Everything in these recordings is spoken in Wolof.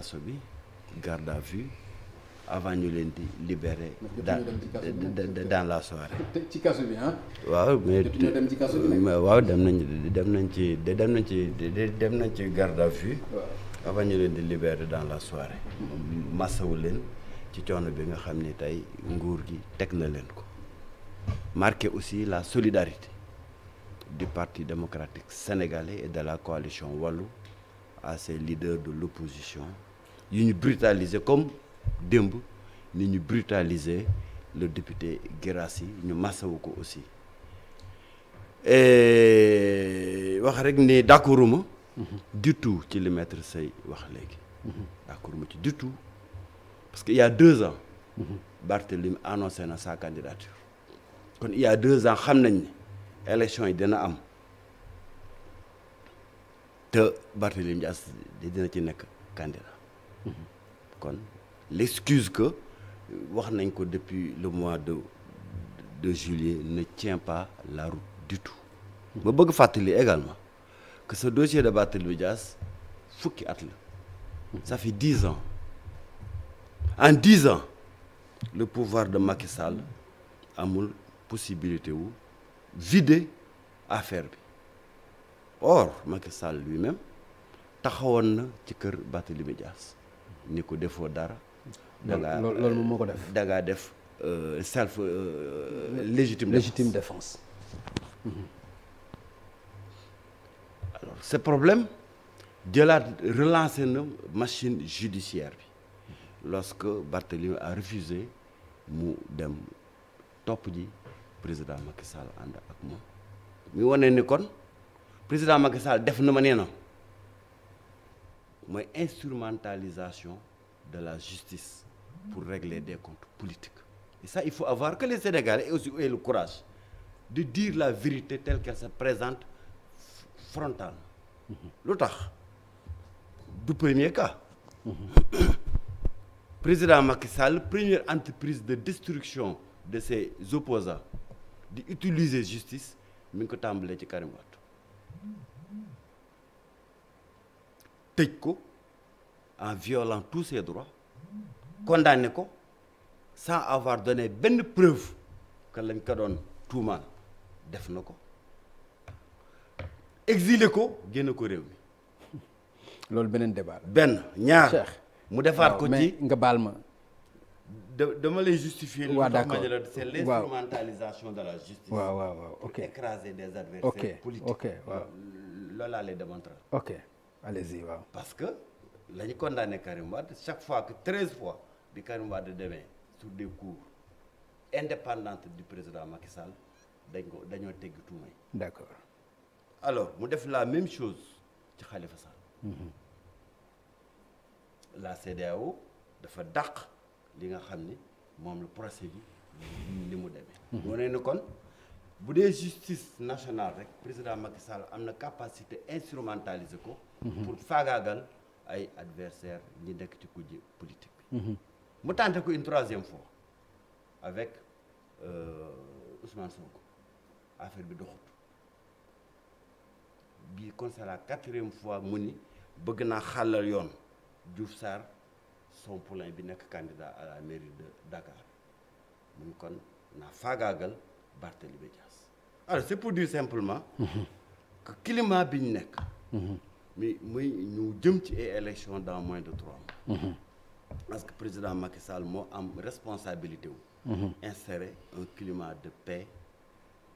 kaso bi garde à vue avant ñu leen di libérer. dans dans la soirée. ci kaso bi waaw dem ci kaso dem nañ dem nañ ci dem nañ ci dem nañ ci garde à vue. avant ñu leen di libérer dans la soirée. massawu leen ci coono bi nga xam ni tey nguur gi teg na leen ko. marqué aussi la solidarité du Parti démocratique sénégalais et de la coalition Wallu à ses leaders l'opposition yu ñu brutaliser comme démb ni ñu brutaliser le député Guirassy ñu masawu ko aussi wax rek ni d'accorduma du tout ci li maître wax léegi d'accorduma ci du tout parce que il y a deux ans Barthélémy annoncé na sa candidature kon il y deux ans xam nañ ne yi dina am te Barthélémy Dias dina ci nekk candidat kon l'excuse que wax nañ ko depuis le mois de de juillet ne tient pas la route du tout ma bëgg fàttali également que ce dossier de Barthélémy Dias fukki at la ça fait dix ans en dix ans le pouvoir de Macky Sall amul possibilité wu vider affaire bi or Macky Sall lui-même taxawoon na ci kër Barthélémy Dias ni ko defoo dara. dangaa loolu moom moo ko def euh, dangaa def euh, self légitime. Euh, légitime défense. Mhm. alors ce problème jëlaat relancé na machine judiciaire bi lorsque Barthélemy a refusé mu dem topp ji président Macky ànd ak moom. mi wane ni kon président Macky def na ma nee na. mooy instrumentalisation de la justice pour régler des comptes politiques et ça il faut avoir que les Sénégalais et aussi le courage de dire la vérité telle qu'elle se présente frontalement mhm. lu tax du premier cas mhm. président Macky Sall première entreprise de destruction de ses opposants di utiliser justice mi ko tàmbalee ci Karim tëj ko en violant tous ses droits condamné ko sans avoir donné benn preuve ka lañ ko doon tuumaal def na ko exilé ko génn ko réew mi. loolu beneen débat benn ñaar mu defaat ko ci nga baal ma. dama lay justifier. waaw ouais, d'accord c'est l'instrumentalisation de la justice. waaw waaw waaw loolu laa lay démontrer. ok. allez-y waaw parce que la ñu condamné Karim Wade chaque fois que treize fois bi Karim Wade demee sur des cours indépendante du président Macky Sall dañ ko dañoo tegg tuuma yi. mu def la même chose ci xalifa Khalifa Sall. Mhm. la CEDEAO dafa dàq li nga xam ni moom la procès bi ni mu demee. moo mhm. ne ni kon bu dee justice nationale rek président Macky am na capacité instrumentaliser ko. pour faagaagal ay adversaire ñi nekk ci kujje politique bi mhm. mu tenté ko une troisième fois avec euh, Ousmane Sonko affaire bi doxut bi conseil la quatrième fois mu ni bëgg naa xàllal yoon Diouf Sarr son poulain bi nekk candidat à la mairie de Dakar mun kon naa faagaagal Barthélémy Dias alors c'est pour dire simplement mhm. que bi ñu nekk mhm. mais muy ñu jëm ci ay élection dans moins de trois mhm. parce que président Macky Sall moo am responsabilité wu mm -hmm. un climat de paix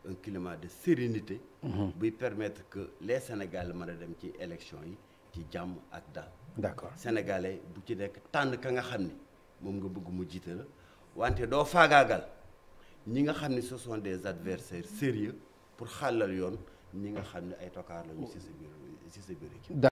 un climat de sérénité mhm. buy permettre que les sénégal man a dem ci élection yi ci jàmm ak dal d'accord Sénégalais bu ci nekk tànn ka nga xam ni moom nga bëgg mu jiite la wante doo faagaagal ñi nga xam ni ce sont des adversaires sérieux pour xàllal yoon ñi nga xam ne ay tokaar lañu si sa biir si sa biir